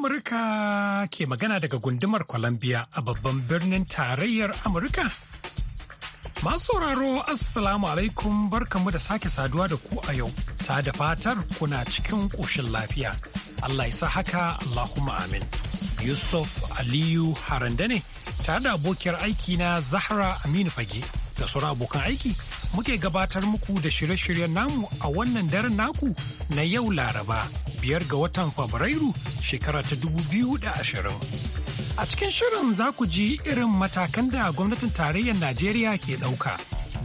Amurka ke magana daga gundumar Columbia a babban birnin tarayyar Amurka. Masu sauraro Assalamu alaikum barkamu da sake saduwa da ku a yau, ta da fatar kuna cikin ƙoshin lafiya. Allah ya sa haka Allahumma amin. Yusuf Aliyu Haranda ne, tare da abokiyar aiki na Zahra Aminu Fage. da sauran abokan aiki muke gabatar muku da shirye-shiryen namu a wannan daren naku na yau laraba biyar ga watan fabrairu shekara ta dubu biyu da ashirin. a cikin shirin za ku ji irin matakan da gwamnatin tarayyar najeriya ke ɗauka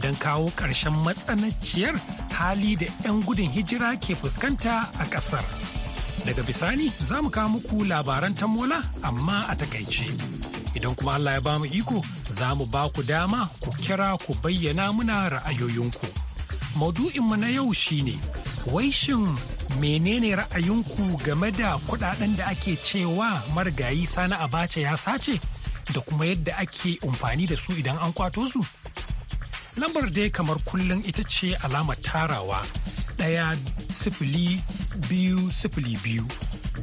don kawo ƙarshen matsananciyar hali da 'yan gudun hijira ke fuskanta a ƙasar daga bisani za mu kawo muku labaran tamola amma a takaice. Idan kuma Allah ya ba mu iko, za mu ba ku dama ku kira ku bayyana muna ra'ayoyinku. Maudu'inmu na yau shine wai shin menene ra'ayinku game da kudaden da ake cewa marigayi sani Bace ya sace da kuma yadda ake amfani da su idan an kwato su? Lambar dai kamar kullum ita ce alamar tarawa ɗaya sifili biyu sifili biyu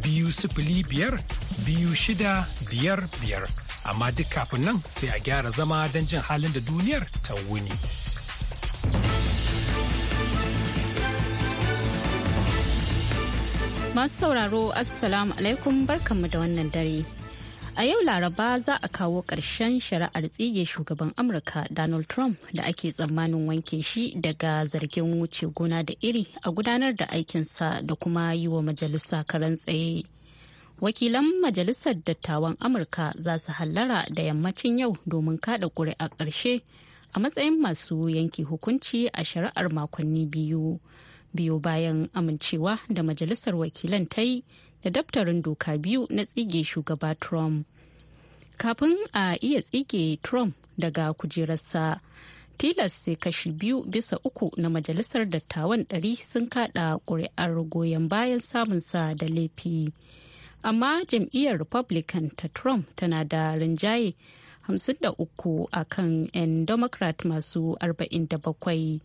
biyu sifili biyar biyu shida biyar biyar. amma duk kafin nan sai a gyara zama don jin halin da duniyar ta wuni. Masu sauraro Assalamu alaikum barkanmu da wannan dare. A yau Laraba za a kawo ƙarshen shari'ar tsige shugaban Amurka Donald Trump da ake tsammanin wanke shi daga zargin wuce gona da iri a gudanar da aikinsa da kuma yi wa majalisa karan tsaye. wakilan majalisar dattawan amurka za su hallara da yammacin yau domin kada ƙuri'a ƙarshe a matsayin masu yanke hukunci a shari'ar makonni biyu biyu bayan amincewa da majalisar wakilan ta yi da daftarin doka biyu na tsige shugaba trump kafin a iya tsige trump daga kujerarsa tilas sai kashi biyu bisa uku na majalisar dattawan ɗari sun kada ƙuri'ar goyon bayan samunsa da laifi. amma jam'iyyar republican ta trump tana da rinjaye 53 a kan 'yan democrat masu 47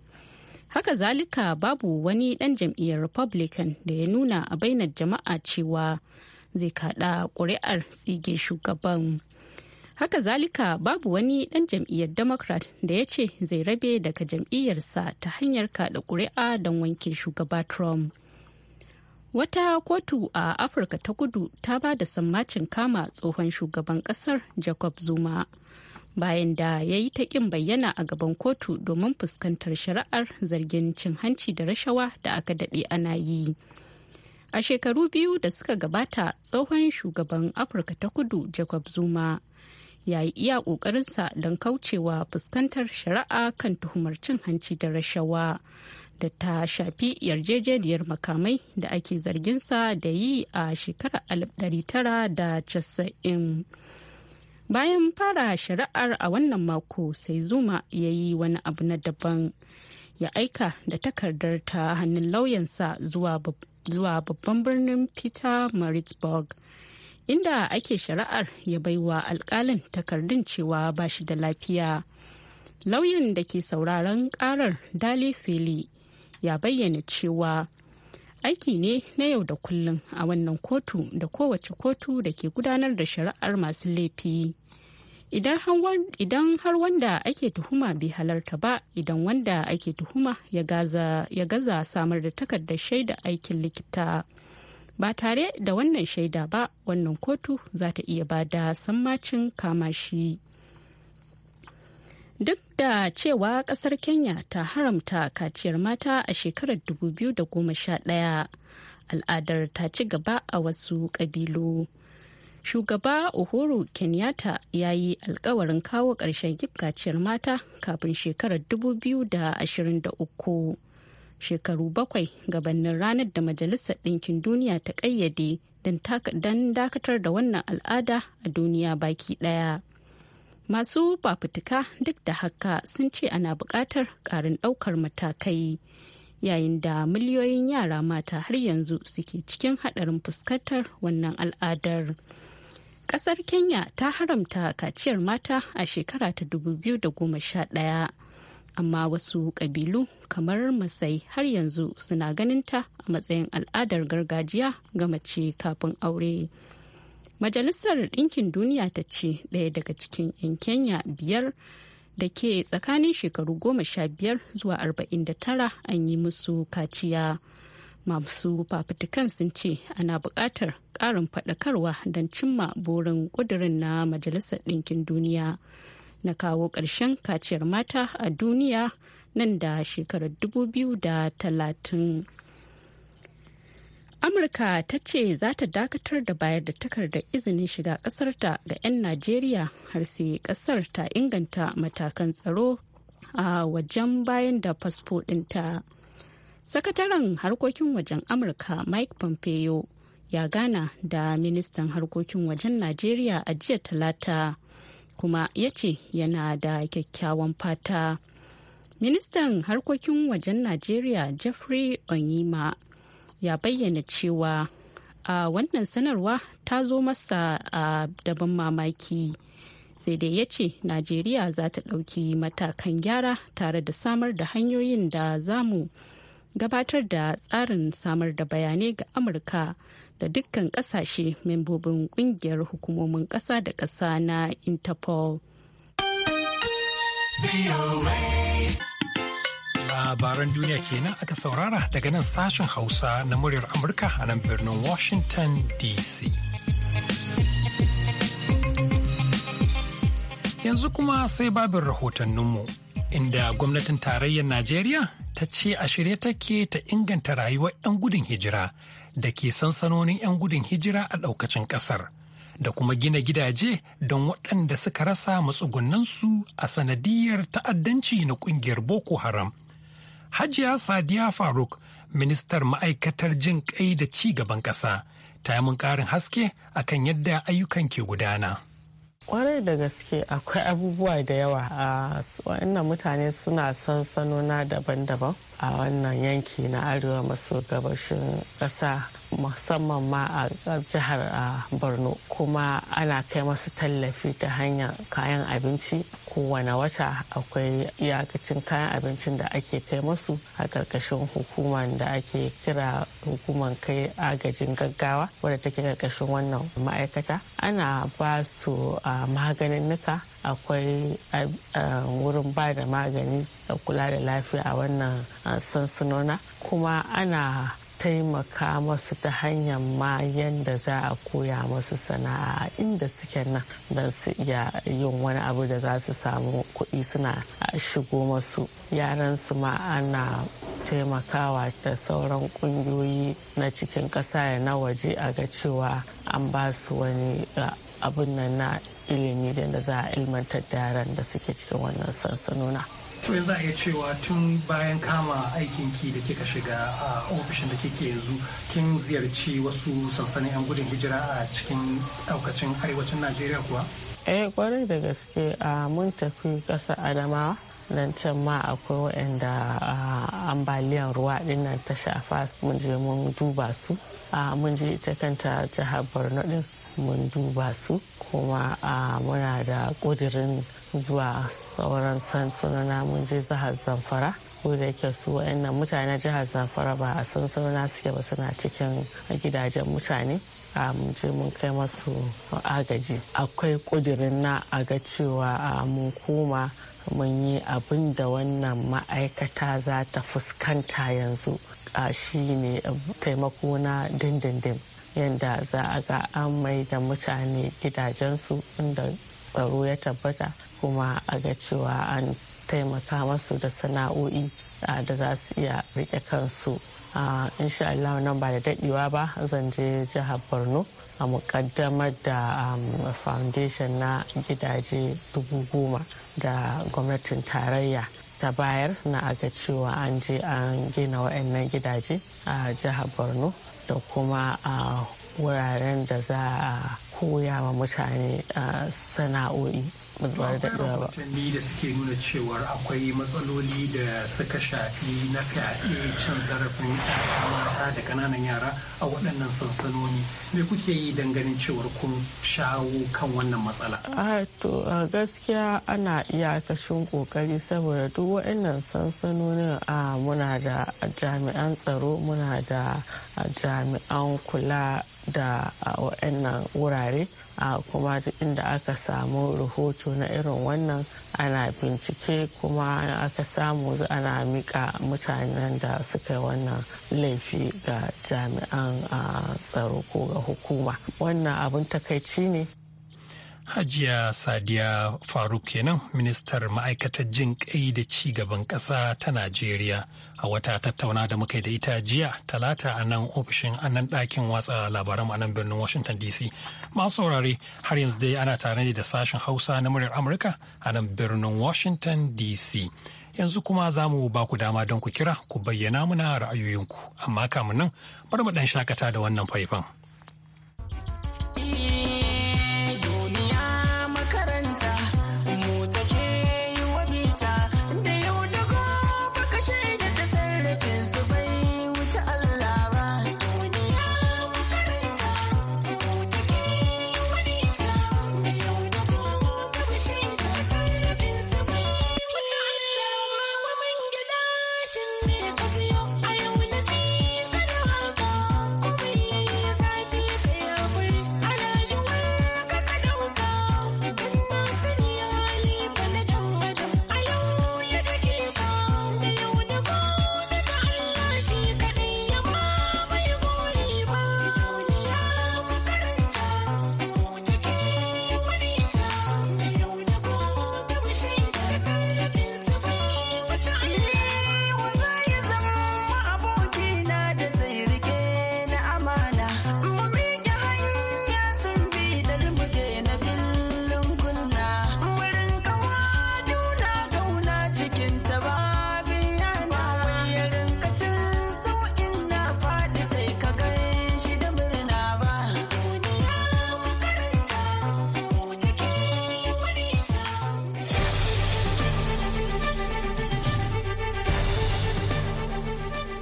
haka zalika babu wani dan jam'iyyar republican da ya nuna a bainar jama'a cewa zai kada kuri'ar tsige shugaban haka zalika babu wani dan jam'iyyar democrat da ya ce zai rabe daga jam'iyyarsa ta hanyar kada kuri'a don wanke shugaba trump Wata kotu a Afirka ta kudu ta ba da sammacin kama tsohon shugaban kasar Jacob Zuma bayan da ya yi ta ƙin bayyana a gaban kotu domin fuskantar shari'ar zargin cin hanci da rashawa da aka daɗe ana yi. A shekaru biyu da suka gabata tsohon shugaban Afirka ta kudu Jacob Zuma ya yi iya ƙoƙarinsa don kaucewa fuskantar shari'a kan tuhumar cin hanci da rashawa. da ta shafi yarjejeniyar makamai da ake zarginsa da yi a shekarar 1990 bayan fara shari'ar a wannan mako sai zuma ya yi wani abu na daban ya aika da takardar ta hannun lauyansa zuwa babban birnin peter maritzburg inda ake shari'ar ya baiwa alkalin takardun cewa ba shi da lafiya lauyan da ke sauraron karar dali fili ya bayyana cewa aiki ne na yau da kullum a wannan kotu da kowace kotu da ke gudanar da shari'ar masu laifi idan har wanda ake tuhuma bai halarta ba idan wanda ake tuhuma ya gaza samar da takardar shaida aikin likita ba tare da wannan shaida ba wannan kotu za ta iya ba da sammacin kama shi duk da cewa kasar kenya ta haramta kaciyar mata a shekarar 2011 al'adar ta ci gaba a wasu ƙabilu shugaba uhuru kenyatta ya yi alkawarin kawo ƙarshen kaciyar mata kafin shekarar 2023 shekaru bakwai gabanin ranar da majalisar ɗinkin duniya ta ƙayyade don dakatar da wannan al'ada a duniya baki ɗaya. masu fafutuka duk da haka sun ce ana buƙatar ƙarin ɗaukar matakai yayin da miliyoyin yara mata har yanzu suke cikin haɗarin fuskantar wannan al'adar ƙasar kenya ta haramta kaciyar mata a shekara ta 2011 amma wasu ƙabilu kamar masai har yanzu suna ganinta a matsayin al'adar gargajiya ga mace kafin aure. Majalisar Ɗinkin Duniya ta ce ɗaya daga cikin 'yan Kenya biyar da ke tsakanin shekaru goma sha biyar zuwa arba'in da tara an yi musu kaciya. Masu fafutukan sun ce ana buƙatar ƙarin faɗakarwa don cimma burin ƙudurin na Majalisar Ɗinkin Duniya na kawo ƙarshen kaciyar mata a duniya nan da shekarar 2030. amurka ta ce za ta dakatar da bayar da takardar izinin shiga ƙasarta ga 'yan najeriya har sai ƙasar ta inganta matakan tsaro a wajen bayan da fasfo ɗinta sakataren harkokin wajen amurka mike pompeo ya gana da ministan harkokin wajen najeriya a jiya talata kuma ya ce yana da kyakkyawan fata ministan harkokin wajen najeriya jeffrey onyima ya bayyana cewa a wannan sanarwa ta zo masa a daban mamaki sai dai ya ce najeriya za ta ɗauki matakan gyara tare da samar da hanyoyin da za mu gabatar da tsarin samar da bayanai ga amurka da dukkan kasashe membobin kungiyar hukumomin ƙasa da ƙasa na interpol. Labaran duniya kenan aka saurara daga nan sashen Hausa na muryar Amurka a nan birnin Washington DC. Yanzu kuma sai babin rahotanninmu inda gwamnatin tarayyar Najeriya ta ce a shirye take ta inganta rayuwar 'yan gudun hijira da ke sansanonin 'yan gudun hijira a ɗaukacin ƙasar. da kuma gina gidaje don waɗanda suka rasa matsugunansu a sanadiyar ta'addanci na ƙungiyar Boko Haram Hajiya Sadiya Faruk, ministar ma'aikatar jin ƙai da ci gaban ƙasa, ta yi mun ƙarin haske a kan yadda ayyukan ke gudana. kwarai da gaske akwai abubuwa da yawa a wa'annan mutane suna sansanona daban-daban a wannan yanki na arewa maso gabashin ƙasa musamman ma a jihar a borno kuma ana kai masu tallafi ta hanyar kayan abinci kowane wata akwai iyakacin kayan abincin da ake kai masu a ƙarƙashin hukumar da ake kira hukumar kai agajin gaggawa wadda take ƙarƙashin wannan ma'aikata ana ba su maganin nuka akwai wurin ba da magani da kula da lafiya a wannan sansunona kuma ana taimaka masu ta hanyar ma yadda za a koya masu sana'a inda suke nan don su iya yin wani abu da za su samu kuɗi suna shigo masu yaran su ma ana taimakawa ta sauran ƙungiyoyi na cikin ƙasa da na waje a ga cewa an ba su wani abin nan na ilimi da za a ilmantar da yaran da suke cikin wannan sansanuna. to yanzu a iya cewa tun bayan kama aikin ki da kika shiga a ofishin da kike yanzu kin ziyarci wasu sansanin 'yan gudun hijira a cikin daukacin arewacin najeriya kuwa eh kwarai da gaske a mun tafi kasa adama nan can ma akwai waɗanda ambaliyan ruwa din nan ta shafa mun je mun duba su mun je ita kanta jihar borno ɗin mun duba su kuma a muna da ƙudirin zuwa sauran sansunana mun je jihar zamfara ko da yake su wa'annan mutane jihar zamfara ba a sansunana suke ba suna cikin gidajen mutane mun je mun kai masu agaji akwai ƙudirin na a ga cewa mun koma mun yi abin da wannan ma'aikata za ta fuskanta yanzu a shi ne taimako na dindindin yadda za a ga an mai da mutane gidajensu inda tsaro ya tabbata kuma a ga cewa an taimaka masu da sana'o'i da za su iya riƙe kansu insha Allah nan ba da daɗewa ba zan je jihar borno a muƙaddamar da um, foundation na gidaje dubu goma da gwamnatin tarayya ta bayar na aga cewa an je an gina waɗannan gidaje a jihar borno da kuma a wuraren da za a koya wa mutane sana'o'i ba da ba. da suke nuna cewar akwai matsaloli da suka shafi na fyaɗe cin zarafin mata da ƙananan yara a waɗannan sansanoni. Me kuke yi don ganin cewar kun shawo kan wannan matsala? to gaskiya ana iyakashin ƙoƙari saboda duk waɗannan sansanonin a muna da jami'an tsaro muna da jami'an kula da waɗannan wurare 'a kuma duk inda aka samu rahoto na irin wannan ana bincike kuma aka samu ana mika mutanen da suka yi wannan laifi ga jami'an ah, tsaro ko ga hukuma wannan abin takaici ne Hajiya Sadiya Faruk kenan ministar ma'aikatar jin kai da ci gaban ƙasa ta Najeriya a wata tattauna da muka da ita jiya talata a nan ofishin a nan ɗakin watsa labaran a nan birnin Washington DC. Masu saurare har yanzu dai ana tare da sashen Hausa na muryar Amurka a nan birnin Washington DC. Yanzu kuma za mu ba ku dama don ku kira ku bayyana muna ra'ayoyinku amma kamun nan bar mu ɗan shakata da wannan faifan. wishing me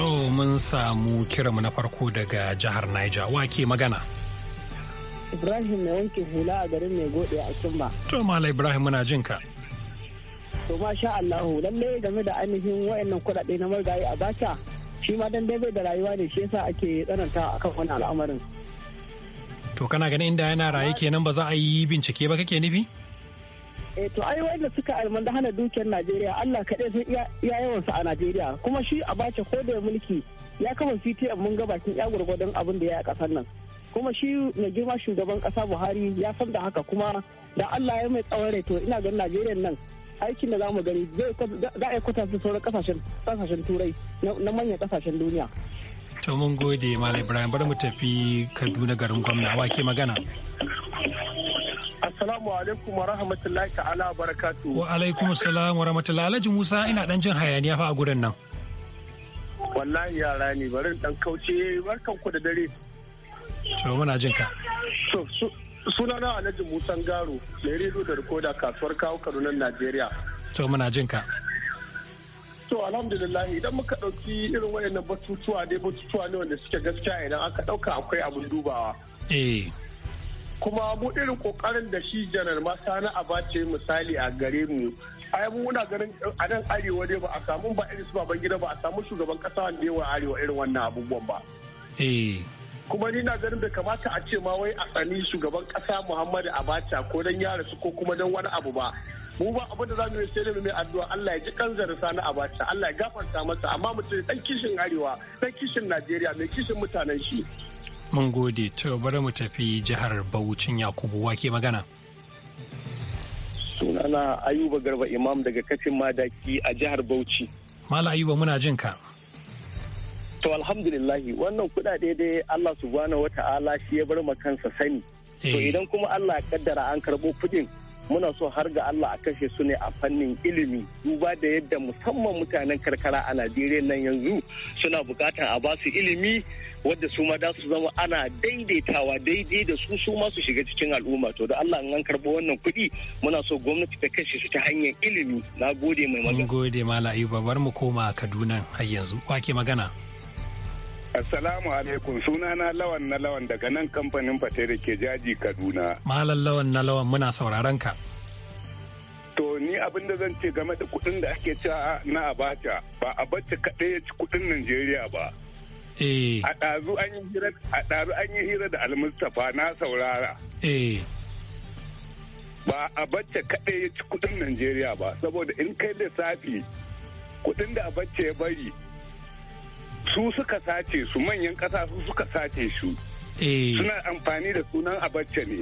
To mun samu mu na farko daga jihar Niger. wake magana? Ibrahim mai wanke hula a garin mai gode a Kimba. To Mala Ibrahim muna jin ka. To ma sha Allahu lalle game da ainihin wayannan kuɗaɗe na margayi a bata shi ma dan dai da rayuwa ne shi yasa ake tsananta akan wani al'amarin. To kana ganin inda yana raye kenan ba za a yi bincike ba kake nufi? eh to ai wanda suka almanda hana dukiyar Najeriya Allah kaɗai sun iya yawan su a Najeriya kuma shi a bace ko da mulki ya kama a mun gabakin bakin ya gurgurdan abin da ya a kasar nan kuma shi na girma shugaban kasa Buhari ya san da haka kuma da Allah ya mai tsawon to ina ganin Najeriya nan aikin da za mu gani za a yi kwatanta sauran kasashen turai na manyan kasashen duniya. To mun gode Malam Ibrahim bari mu tafi Kaduna garin gwamna wa ke magana. Assalamu alaikum wa rahmatullahi ta'ala wa barakatu. Wa alaikum assalam wa rahmatullahi. Alhaji Musa ina dan jin hayaniya fa a gurin nan. Wallahi yara ne barin dan kauce barkan ku da dare. To muna jin ka. To na Alhaji Musa Garo mai rediyo da rikoda kasuwar kawo Kaduna Najeriya. To muna jin ka. To alhamdulillah idan muka ɗauki irin wayannan batutuwa dai batutuwa ne wanda suke gaskiya idan aka ɗauka akwai abun dubawa. Eh. kuma mu irin kokarin da shi janar masa masana abace misali a gare mu ai muna ganin a nan arewa ne ba a samu ba irin su baban gida ba a samu shugaban kasa wanda yawa arewa irin wannan abubuwan ba eh. kuma ni na ganin da kamata a ce ma wai a tsani shugaban kasa Muhammadu Abacha ko dan ya rasu ko kuma dan wani abu ba mu ba abin da zamu yi sai da mai addu'a Allah ya ji kanzar sani Abacha Allah ya gafarta masa amma mutum dan kishin arewa dan kishin Najeriya mai kishin mutanen shi Mun gode, to bari mu tafi jihar Bauchin Yakubu wake magana. Sunana Ayuba Garba Imam daga kafin madaki a jihar Bauchi. Mala Ayuba muna jin ka. To alhamdulillahi wannan kuɗaɗe dai Allah subhanahu wata'ala shi ya bar ma kansa sani. To eh. idan kuma Allah ya kaddara an karɓo kuɗin muna so har ga Allah a kashe su ne a fannin ilimi duba da yadda musamman mutanen karkara a Najeriya nan yanzu suna bukatar a basu ilimi wadda su ma su zama ana daidaitawa daidai da su su ma su shiga cikin al'umma to da Allah an karbo wannan kuɗi muna so gwamnati ta kashe su ta hanyar ilimi na gode mai magana. Mun gode ma Ayuba bar mu koma Kaduna har yanzu. Wake magana. Assalamu alaikum sunana lawan na lawan daga nan kamfanin fate da ke jaji Kaduna. Malam lawan na lawan muna sauraron ka. To ni abin da zan ce game da kudin da ake cewa na abacha ba abacha kaɗai ya ci kudin Najeriya ba. Eh. A ɗazu an yi hira a ɗazu an yi hira da almustafa na saurara. Eh. Ba abacha kaɗai ya ci kudin Najeriya ba saboda in kai lissafi kudin da abacha ya bari su suka sace su manyan ƙasa su suka sace su eh. suna amfani da sunan abacce ne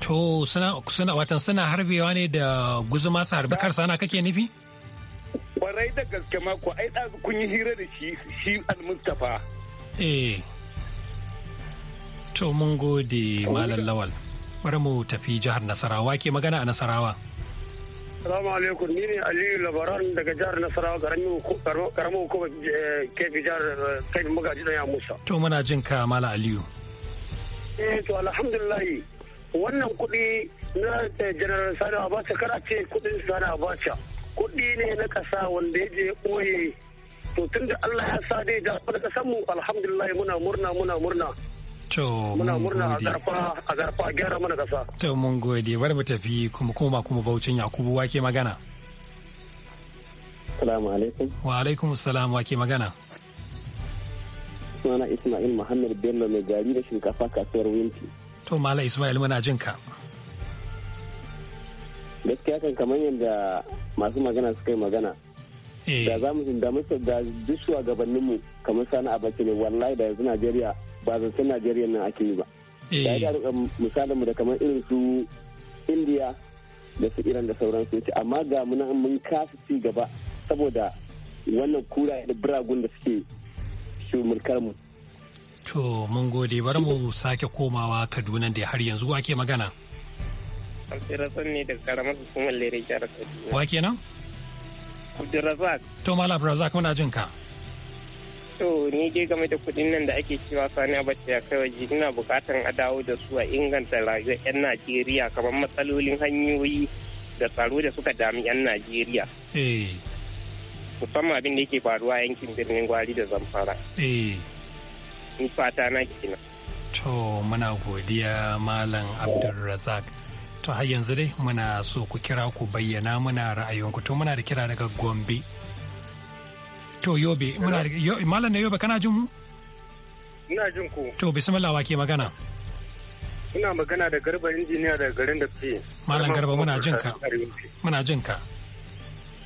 to suna suna watan suna harbewa ne da guzuma su harbi karsana kake nufi kwarai da gaske mako ai ɗazu kun yi hira da shi shi al-mustafa eh to mun gode malam lawal bari mu tafi jihar nasarawa ke magana a nasarawa Salamu alaikum ni ne Aliyu Labaran daga jihar Nasarawa karamin hukumar eh, kefi jihar eh, kefi magaji ya Musa. To muna jin ka Mala Aliyu. Eh to alhamdulillahi wannan kuɗi na eh, General Sani Abacha kana ce kuɗin Sani Abacha kuɗi ne na ƙasa wanda ya je ɓoye to tun da Allah ya sa dai da ƙasar mu alhamdulillah muna murna muna murna To To mun gode bari mu tafi kuma koma kuma baucin Yakubu wake magana. Salamu alaikum. Wa alaikum salam wake magana. Sunana Ismail Muhammad Bello mai gari da shinkafa kasuwar Winti. To Mala Ismail muna jin ka. Gaskiya kan kamar yadda masu magana suka yi magana. Eh. Da za mu da dushuwa gabaninmu kamar sani abaci ne wallahi da yanzu Najeriya ba san najeriya nan ake yi ba eh. ya yi misalin mu da kamar irin su indiya da su iran da sauransu ce amma ga muna mun kasa ci gaba saboda wannan kura da biragun da suke mulkar mu to mun gode bari mu sake komawa kaduna da har yanzu wake magana Abdulrazak ne da karamar hukumar Lere jihar Kaduna. Wa kenan? Abdulrazak. To Malam Abdulrazak muna jin ka. To ni dai game da kudin nan da ake cewa sani abacha ya kai waje ina bukatan a dawo da su a inganta rayuwar 'yan Najeriya kamar matsalolin hanyoyi da tsaro da suka dami 'yan Najeriya. Eh. Musamman abin da yake faruwa yankin birnin gwari da zamfara. Eh. Ni fata na kenan. To muna godiya Malam Abdulrazak. To har yanzu dai muna so ku kira ku bayyana muna ra'ayinku to muna da kira daga Gombe. To Yobe, muna malam na Yobe kana jin mu? Ina jin ku. To bismillah wa ke magana. Ina magana da Garba injiniya daga garin da fi. Malam Garba muna jin ka. Muna jin ka.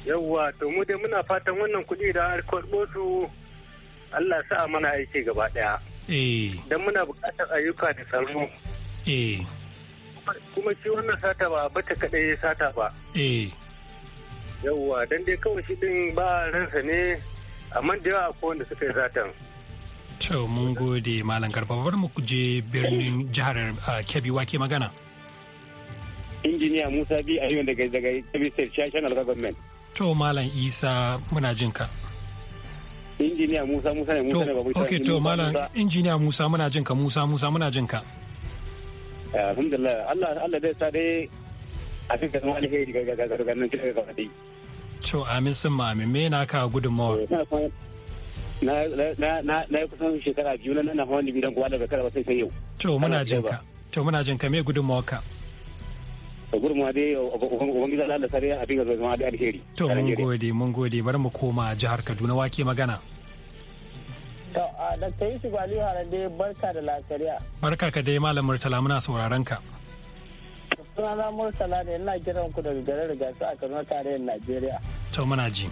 Yawwa to mu dai muna fatan wannan kuɗi da karɓo su Allah sa mana aiki gaba daya Eh. Dan muna buƙatar ayyuka da salmu. Eh. Kuma shi wannan sata ba bata kaɗai sata ba. Eh. Yawwa dan dai kawai shi ɗin ba ransa ne amma da yawa ko wanda suka yi satan to mun gode malam garba bar mu je birnin jihar kebbi wake magana injiniya musa bi yiwu daga daga kebbi state national government to malam isa muna jin ka injiniya musa musa ne musa ne babu okay to malam injiniya musa muna jin ka musa musa muna jin ka alhamdulillah allah allah zai sa dai a cikin ga ga ga ga ga ga to amin sun Amin me eh, na ka gudunmawar na yi kusan shekara biyu na nan hawan dibi don kowa daga kada wasu sai yau to muna jin ka to muna jin ka me gudunmawar ka gudunmawa dai ubangiji Allah da sare abin da zama da alheri to mun gode mun gode bari mu koma jihar Kaduna wake magana to a dakta Yusuf Ali Harande barka da lafiya barka ka dai malam Murtala muna sauraron ka sunana Murtala ne ina kiran ku daga garin rigasu a Kano tarayyar Najeriya. To muna ji.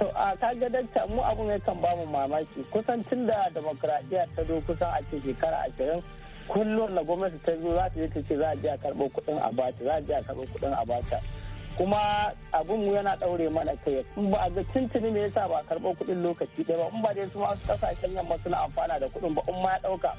To a kaga dakta mu abu ne kan bamu mamaki kusan tun da demokradiyya ta zo kusan a ce shekara ashirin kullum na gwamnati ta zo za ta yi ta ce za a je a karɓo kuɗin a bata za a je a karɓo kuɗin a bata. kuma abun mu yana ɗaure mana kai in ba a ga tuntuni me yasa ba a karɓo kuɗin lokaci ɗaya ba in ba dai su masu ƙasashen yamma suna amfana da kuɗin ba in ma ya ɗauka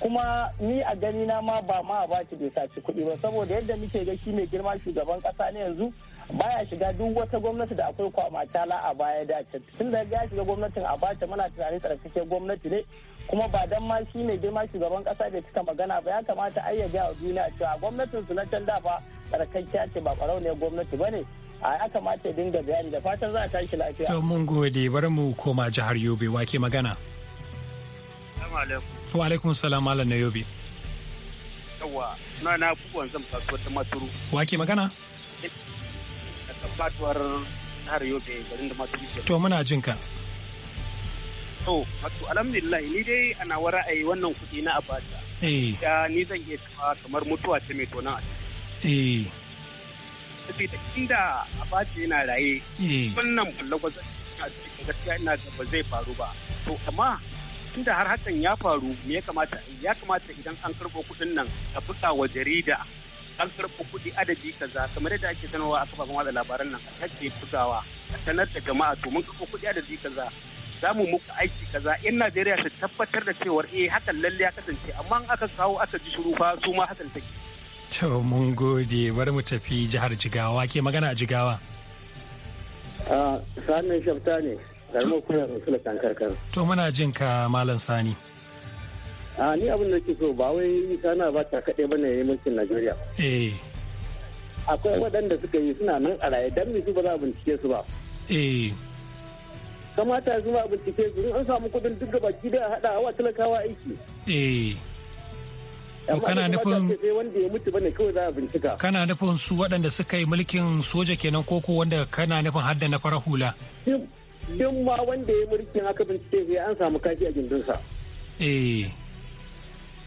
kuma ni a gani na ma ba ma ba ki bai saci kuɗi ba saboda yadda muke ga shi mai girma shugaban ƙasa ne yanzu baya shiga duk wata gwamnati da akwai kwama tala a baya da tun da ya shiga gwamnatin a bace muna tunani tsarkake gwamnati ne kuma ba dan ma shi mai girma shugaban kasa bai cika magana ba ya kamata ai ya ga duniya cewa gwamnatin su na can da ba tsarkakiya ce ba kwarau ne gwamnati ba ne a ya kamata ya dinga bayani da fatan za a tashi lafiya. to mun gode bari mu koma jihar yobe wake magana. wa alaikun salam ala na yobi yawa na na abubuwan zan kasuwar ta maturu wa ke magana daga fatuwar har yobe garin da maturu to muna jin ka to wato alhamdulillah ni dai ana wa ra'ayi wannan kuɗi na abata eh ya ni zan iya kama kamar mutuwa ta mai tona a eh saboda inda abata yana raye eh. wannan bullagwazon a cikin gaskiya ina ga ba zai faru ba to amma tunda har hakan ya faru me ya kamata ya kamata idan an karbo kuɗin nan a buka wa jarida an karbo kuɗi adadi kaza kamar yadda ake sanarwa a kafafen watsa labaran nan a ake bugawa a sanar da jama'a to mun karɓo kuɗi adadi kaza za mu muku aiki kaza yan Najeriya su tabbatar da cewar eh hakan lalle ya kasance amma in aka kawo aka ji shiru fa su ma hakan take. To mun gode bari mu tafi jihar Jigawa ke magana a Jigawa. Ah, sanin Shafta ne. kuna To muna jin ka Malam Sani. A ni abin da ke so ba wai sana ba ta kaɗai ba ne mulkin Najeriya. Eh. Akwai waɗanda suka yi suna nan a raye don su ba za a bincike su ba. Eh. Kamata su ba bincike su an samu kuɗin duk gaba gida haɗa wa talakawa aiki. Eh. kana nufin kana nufin su waɗanda suka yi mulkin soja kenan koko wanda kana nufin hadda na fara hula duk ma wanda ya mulkin haka bincike sai an samu kashi a gindinsa eh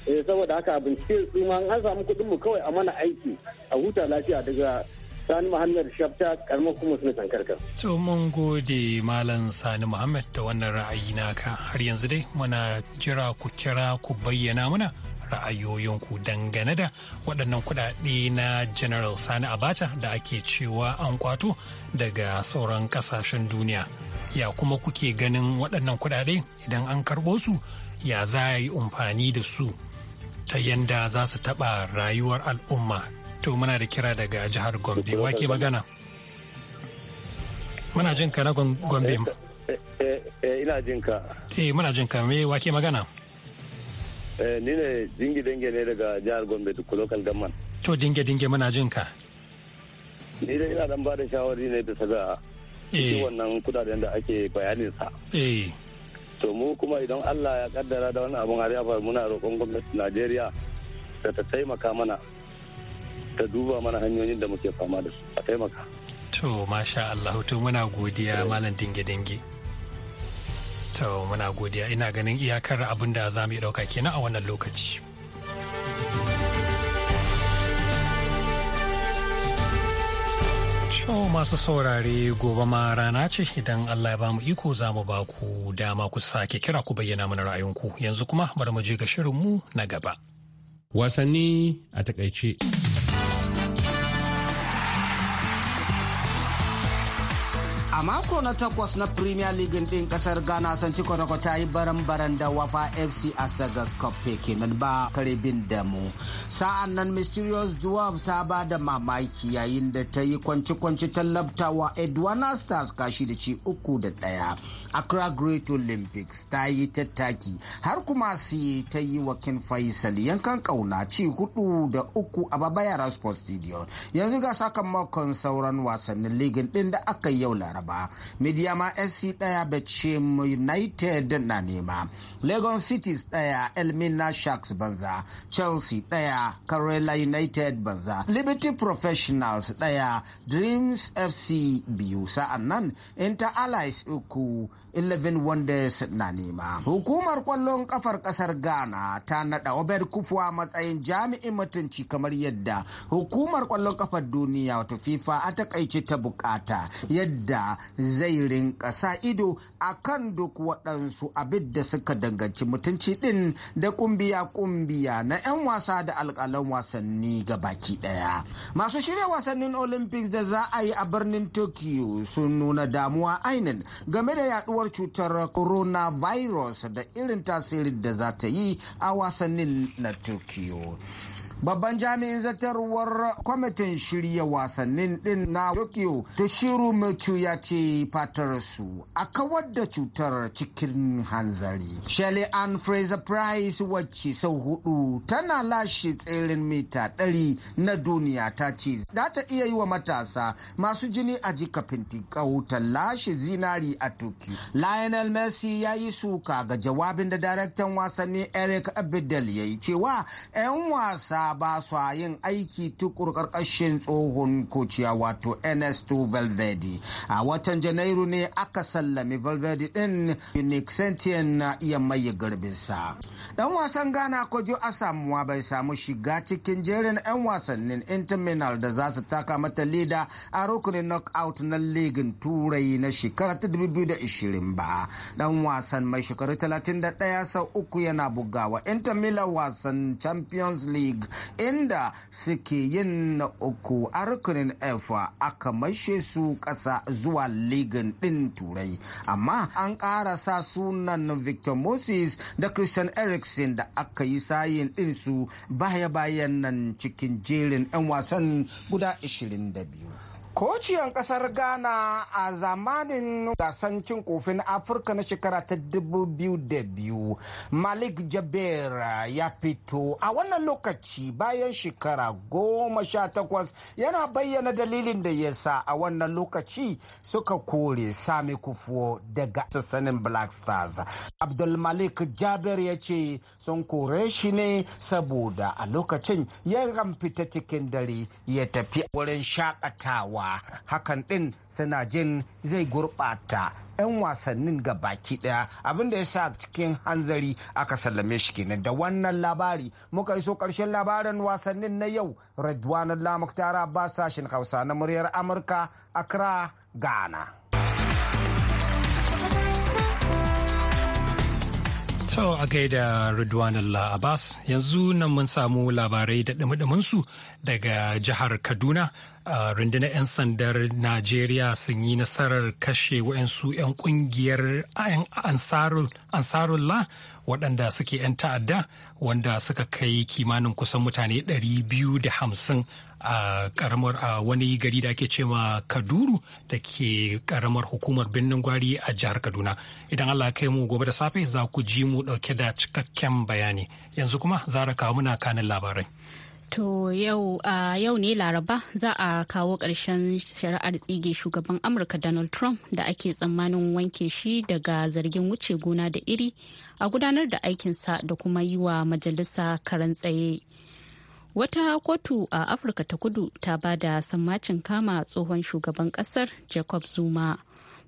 eh saboda haka bincike su ma an samu kuɗin mu kawai a mana aiki a huta lafiya daga Sani Muhammad Shafta karma kuma suna tankarkar. To mun gode Malam Sani Muhammad da wannan ra'ayi naka har yanzu dai muna jira ku kira ku bayyana muna ra'ayoyinku dangane da waɗannan kuɗaɗe na General Sani Abacha da ake cewa an kwato daga sauran ƙasashen duniya. Ya kuma kuke ganin waɗannan kuɗaɗe idan an karɓo su ya za a yi amfani da su ta yanda za su taɓa rayuwar al'umma. To muna da kira daga jihar Gombe. Wake magana. Muna jinka na Gombe. Eh, eh, eh, ina jinka Eh, muna jinka Me wake magana? Eh, ni ne dingi dinge ne daga jihar gombe duk local government to dinge dinge muna jin ka ni dai ina dan ba da shawari ne bisa ga eh. wannan kudaden da ake bayanin sa eh. to mu kuma idan Allah ya kaddara da wannan abun har ya faru muna roƙon gwamnatin Najeriya da ta taimaka mana ta duba mana hanyoyin da muke fama da su a taimaka to masha Allah to muna godiya malam dinge dinge To muna godiya ina ganin iyakar abin da za mu ɗauka kenan a wannan lokaci. To masu saurare gobe ma rana ce idan Allah ya mu iko za mu ba ku dama ku sake kira ku bayyana mana ra'ayinku yanzu kuma bari mu je ga shirinmu na gaba. Wasanni a takaice. mako na takwas na Premier League ɗin ƙasar Ghana Santi Konoko ta yi baran-baran da Wafa FC a Saga kofi kenan ba karibin da mu. Sa'an nan Mysterious Dwarf ta ba da mamaki yayin da ta yi kwanci-kwanci ta wa Edwana Stars kashi da ci uku da ɗaya. Accra Great Olympics ta yi tattaki har kuma si ta yi wa Kin Faisal yankan kauna ci hudu da uku a Baba Yara Sports Stadium. Yanzu ga sakamakon sauran wasannin ligin ɗin da aka yi yau Laraba. ba ma sc ɗaya bacem united na nema lagos cities ɗaya elmina sharks banza chelsea ɗaya karela united banza liberty professionals ɗaya dreams fc biyu sa'an nan inter allies uku 11 wonders na nema hukumar kwallon kafar kasar ghana ta nada obed kufuwa matsayin jami'in mutunci kamar yadda hukumar kwallon kafar duniya wato fifa a takaice ta bukata yadda zai rinka sa ido a kan duk waɗansu abin da suka danganci mutunci ɗin da kumbiya-kumbiya na 'yan wasa da alƙalan wasanni ga baki ɗaya. Masu shirya wasannin Olympics da za a yi a birnin Tokyo sun nuna damuwa ainin game da yaduwar cutar coronavirus da irin tasirin da za ta yi a wasannin na Tokyo. Babban jami'in zartarwar kwamitin shirya wasannin din na Tokyo shiru Mitu ya ce fatar su a kawar da cutar cikin hanzari. Shelly Ann Fraser Price wacce sau hudu tana lashe tseren mita ɗari na duniya ta ce za ta iya yi wa matasa masu jini a jika fintikau ta lashe zinari a Tokyo. Lionel Messi ya yi suka ga jawabin da daraktan wasanni Eric Abidal ya yi cewa 'yan wasa ba su yin aiki tukur karkashin tsohon kociya wato ns2 Valverde. A watan Janairu ne aka sallami Valverde din sentien na iya maye garbinsa. Dan wasan Ghana Kojo Asamuwa bai samu shiga cikin jerin 'yan wasannin Interminal da za su taka mata leda a rukunin knockout na ligin Turai na shekara ta 2020 ba. Dan wasan mai shekaru 31 sau uku yana bugawa Inter Milan wasan Champions League inda suke yin na uku a rukunin f aka maishe su kasa zuwa ligin din turai amma an ƙara sa sunan victor moses da christian eriksen da aka yi sayin ɗinsu baya-bayan nan cikin jerin 'yan wasan guda 22 Kociyar kasar Ghana a zamanin gasan cin kofin Afirka na shekara ta biyu Malik Jaber ya fito a wannan lokaci bayan shekara goma sha takwas yana bayyana dalilin da ya sa a wannan lokaci suka kore Sami kufuwa daga sassanin Black Stars. Abdul Malik Jaber ya ce sun kore shi ne saboda a lokacin ya fita cikin dare ya tafi wurin shakatawa. cewa hakan ɗin suna jin zai gurɓata 'yan wasannin ga baki ɗaya abinda ya sa cikin hanzari aka sallame shi kenan da wannan labari muka iso ƙarshen labarin wasannin na yau redwanan lamuktara ba sashen hausa na muryar amurka accra ghana To a gaida Ridwan Allah Abbas yanzu nan mun samu labarai da ɗumi daga jihar Kaduna a rundunar 'yan sandar Najeriya sun yi nasarar kashe wa'yansu 'yan ƙungiyar ansarullah waɗanda suke 'yan ta'adda wanda suka kai kimanin kusan mutane 250 a karamar a wani gari da ake cewa kaduru da ke karamar hukumar birnin gwari a jihar kaduna idan allah kai mu gobe da safe za ku ji mu dauke da cikakken bayani yanzu kuma zara kawo muna kanin labarai To yau uh, yau ne Laraba za a kawo ƙarshen shari'ar tsige shugaban Amurka Donald Trump da ake tsammanin wanke shi daga zargin wuce gona da iri a gudanar da aikinsa da kuma yi wa majalisa karan tsaye. Wata kotu a Afirka ta kudu ta ba da sammacin kama tsohon shugaban kasar Jacob Zuma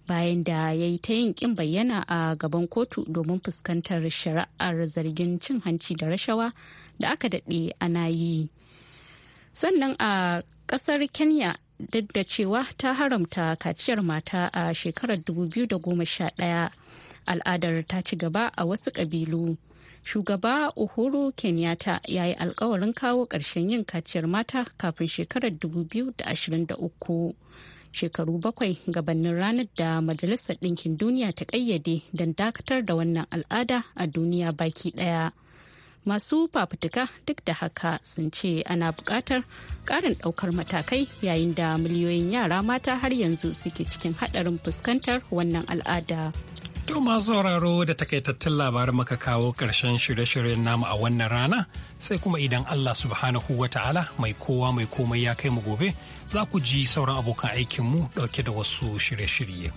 bayan da ya yi ta yin kin bayyana a gaban kotu domin fuskantar shari'ar zargin cin hanci da rashawa da aka daɗe ana yi. Sannan a kasar Kenya duk da cewa ta haramta kaciyar mata a shekarar 2011 al'adar ta ci gaba a wasu ƙabilu. shugaba uhuru kenyatta ya yi alkawarin kawo ƙarshen yin kaciyar mata kafin shekarar 2023 shekaru bakwai gabanin ranar da majalisar ɗinkin duniya ta ƙayyade don dakatar da wannan al'ada a duniya baki ɗaya masu fafutuka duk da haka sun ce ana buƙatar ƙarin ɗaukar matakai yayin da miliyoyin yara mata har yanzu suke cikin haɗarin fuskantar wannan al'ada. To masu sauraro da takaitattun labarin muka kawo ƙarshen shirye-shiryen namu a wannan rana sai kuma idan Allah subhanahu wa ta'ala mai kowa mai komai ya kai mu gobe za ku ji sauran abokan aikinmu ɗauke da wasu shirye-shirye.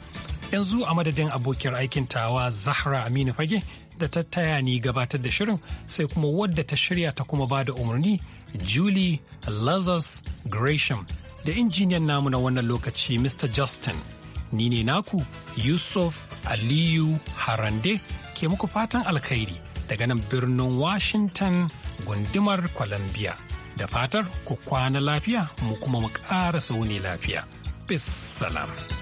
Yanzu a madadin abokiyar aikin tawa Zahra Aminu Fage da ta taya ni gabatar da shirin sai kuma wadda ta shirya ta kuma ba da umarni Julie Lazarus Gresham da injiniyan namu na wannan lokaci Mr. Justin. Ni ne naku Yusuf Aliyu Harande ke muku fatan alkhairi daga nan birnin Washington gundumar Columbia. Da fatar ku kwana lafiya mu kuma mu ƙara sauni lafiya. Bis salam.